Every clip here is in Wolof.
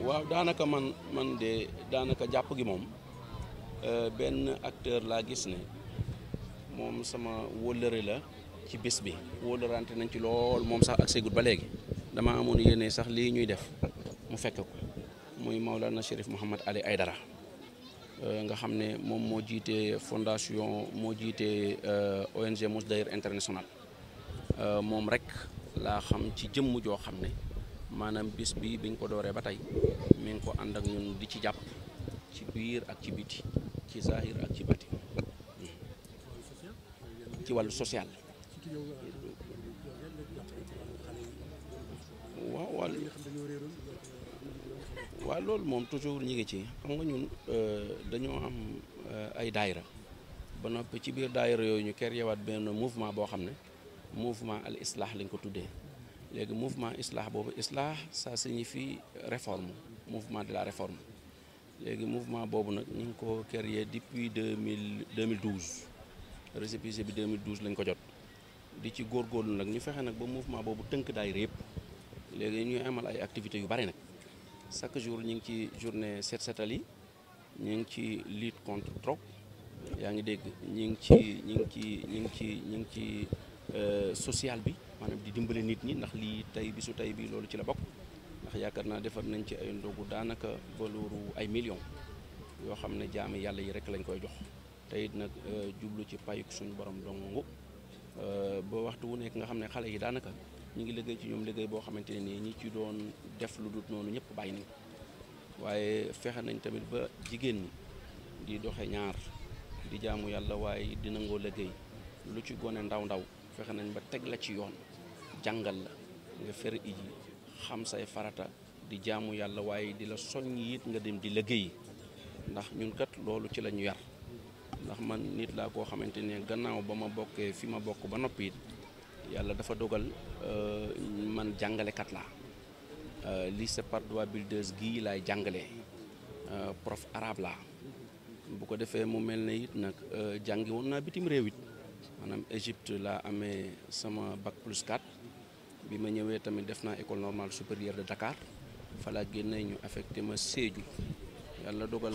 waaw daanaka man man de daanaka jàpp gi moom euh, benn acteur laa gis ne moom sama wóllëre la ci bis bi wóllërante nañ ci lool moom sax ak ba léegi dama amoon yéene sax lii ñuy def mu fekk ko muy Maulana Chérif Mouhamad Ali Aydara euh, nga xam ne moom moo jiitee fondation moo jiite euh, ONG Mousdair International moom rek laa xam ci jëmm joo xam ne maanaam bis bi biñ ko dooree ba tey mi ngi ko ànd ak ñun di ci jàpp ci biir ak ci biti ci zahir ak ci bati ci wàllu social waaw waaw loolu moom toujours ñi ngi ci xam nga ñun euh, dañoo am euh, ay daayra ba noppi ci biir daayira yooyu ñu créé benn mouvement boo xam ne mouvement al islah lañ ko tuddee léegi mouvement islah boobu islah ça signifie réforme mouvement de la réforme léegi mouvement boobu nag ñu ngi ko créé depuis 2000 2012 récépissé bi 2012 lañ ko jot di ci góor góorlu nag ñu fexe nag ba mouvement boobu tënk daayira yëpp léegi ñuy amal ay activités yu bari nag chaque jour ñu ngi ci journée set setali yi ñu ngi ci lutte contre drogue yaa ngi dégg ñu ngi ci ñu ngi ci ñu ngi ci ñu ngi ci euh, social bi maanaam di dimbale nit ñi ndax lii tey bisu tey bii loolu ci la bokk ndax yaakaar naa defar nañ ci ay ndogu daanaka valeuru ay millions yoo xam ne jaami yàlla yi rek lañ koy jox te it nag euh, jublu ci payuk suñu borom dongu euh, ba waxtu wu nekk nga xam ne xale yi daanaka ñu ngi liggéey ci ñoom liggéey boo xamante ne nii ñi ci doon def lu dut noonu ñëpp bàyyi nañ waaye fexe nañ tamit ba jigéen ñi di doxe ñaar di jaamu yàlla waaye di nangoo liggéey lu ci gone ndaw ndaw fexe nañ ba teg la ci yoon jàngal la nga fer iji xam say farata di jaamu yàlla waaye di la soññ it nga dem di liggéey ndax ñun kat loolu ci la ñu yar ndax man nit laa koo xamante ne gannaaw ba ma bokkee fi ma bokk ba noppi it yàlla dafa dogal euh, man jàngalekat la li euh, lycée Patte d'Oie des gii laay jàngale euh, prof arabe laa bu ko defee mu mel ne it nag jàngi woon naa bitim réew it maanaam Égypte laa amee sama bac plus 4 bi ma ñëwee tamit def naa école normale supérieure de Dakar fa génnee ñu affecté ma Sédhiou yàlla dogal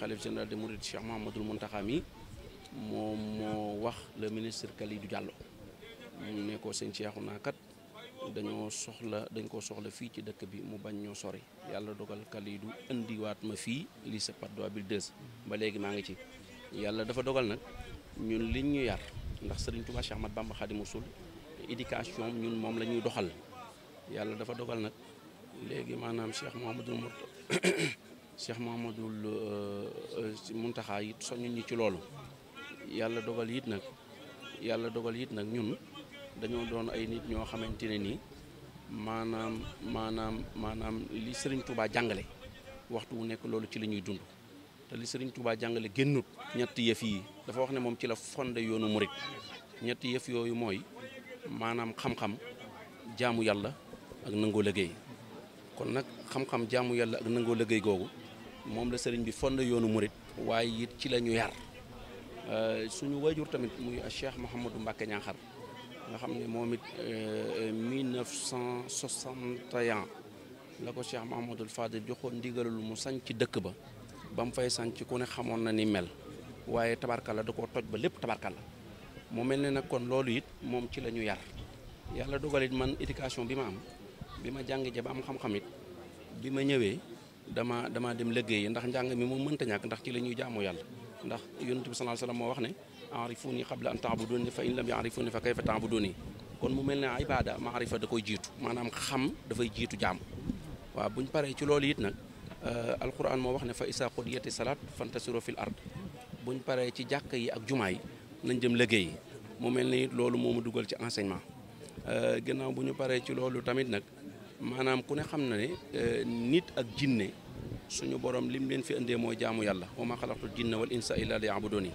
xalif euh, général de Mouride Cheikh Mouhamadoul Mountakha mi wax le ministre Kalidou Diallo mu ne ko sëñ Cheikhouna kat dañoo soxla dañ ko soxla fii ci dëkk bi mu bañ ñoo sori yàlla dogal Kalidou indiwaat ma fii lycée Patte d'Oie 2 ba léegi maa ngi ci yàlla dafa dogal nag ñun liñ ñu yar ndax Serigne Touba Cheikh Ahmad Bamba Khadimu Rasul éducation ñun moom lañuy ñuy doxal yàlla dafa dogal nag léegi maanaam Cheikh Mouhamadul Mourta Cheikh Mouhamadul euh, euh, Muntaxa it soñu ñi ci loolu yàlla dogal it nag yàlla dogal it nag ñun dañoo doon ay nit ñoo xamante ne nii maanaam maanaam maanaam li sëriñ Touba jàngale waxtu wu nekk loolu ci la ñuy dund te li Serigne Touba jàngale génnut ñetti yëf yi dafa wax ne moom ci la fonde yoonu murit ñetti yëf yooyu mooy maanaam xam-xam jaamu yàlla ak nangoo liggéey kon nag xam-xam jaamu yàlla ak nangoo liggéey googu moom la sëriñ bi fond yoonu murit waaye it ci la ñu yar euh, suñu waajur tamit muy Cheikh Mouhamadou Mbacke Ñaaxar nga xam ne moom it 1961 euh, euh, la ko Cheikh Mouhamadou Fadil joxoon ndigalul mu ci dëkk ba ba mu fay sanc ku ne xamoon na ni mel waaye tabarkalla da ko toj ba lépp tabarkalla mu mel ne nag kon loolu it moom ci la ñu yar yàlla dogal it man éducation bi ma am bi ma jàng ja ba am xam-xam it bi ma ñëwee dama dama dem léggéey liggéeyi ndax njàng mi moom mënta ñàkk ndax ci la ñuy jaamu yàlla ndax yonent bi sallallahu alayhi moo wax ne arifuni qabla an ta'buduni fa in lam ya'rifuni fa kayfa ta'buduni kon mu mel ne ibada maarifa da koy jiitu maanaam xam dafay jiitu jaamu waaw buñ paree ci loolu it nag euh, alquran moo wax ne fa isa qudiyati salat fantasiru fil ard buñ paree ci jàkk yi ak jumaa yi nañ jëm liggéey mu mel ni loolu moom ma dugal ci enseignement euh, gannaaw bu ñu paree ci loolu tamit nag maanaam ku ne xam na ne euh, nit ak jinne suñu borom lim leen fi indee mooy jaamu yàlla wa ma xalaqtu jinna wal insa illa liya'buduni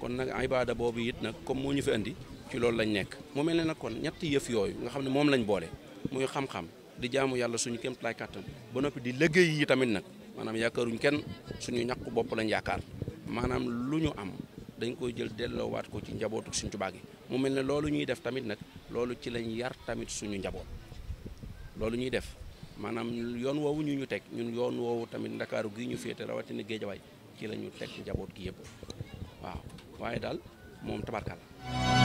kon nag ibaada boobu it nag comme moo ñu fi indi ci loolu lañ nekk mu mel ne nag kon ñetti yëf yooyu nga xam ne moom lañu boole muy xam-xam di jaamu yàlla suñu kéem tolluwaay kàttan ba noppi di liggéey yi tamit nag maanaam yaakaaruñ kenn suñu ñàkk bopp lañ yaakaar maanaam lu ñu am. dañ koy jël delloowaat ko ci njabootu Sëriñ Tuubaa gi mu mel ne loolu ñuy def tamit nag loolu ci lañ yar tamit suñu njaboot loolu ñuy def maanaam yoon woowu ñu ñu teg ñun yoon woowu tamit ndakaaru gi ñu féete rawatina géejawaay ci la ñu teg njaboot gi yëpp waaw waaye daal moom tabarkalla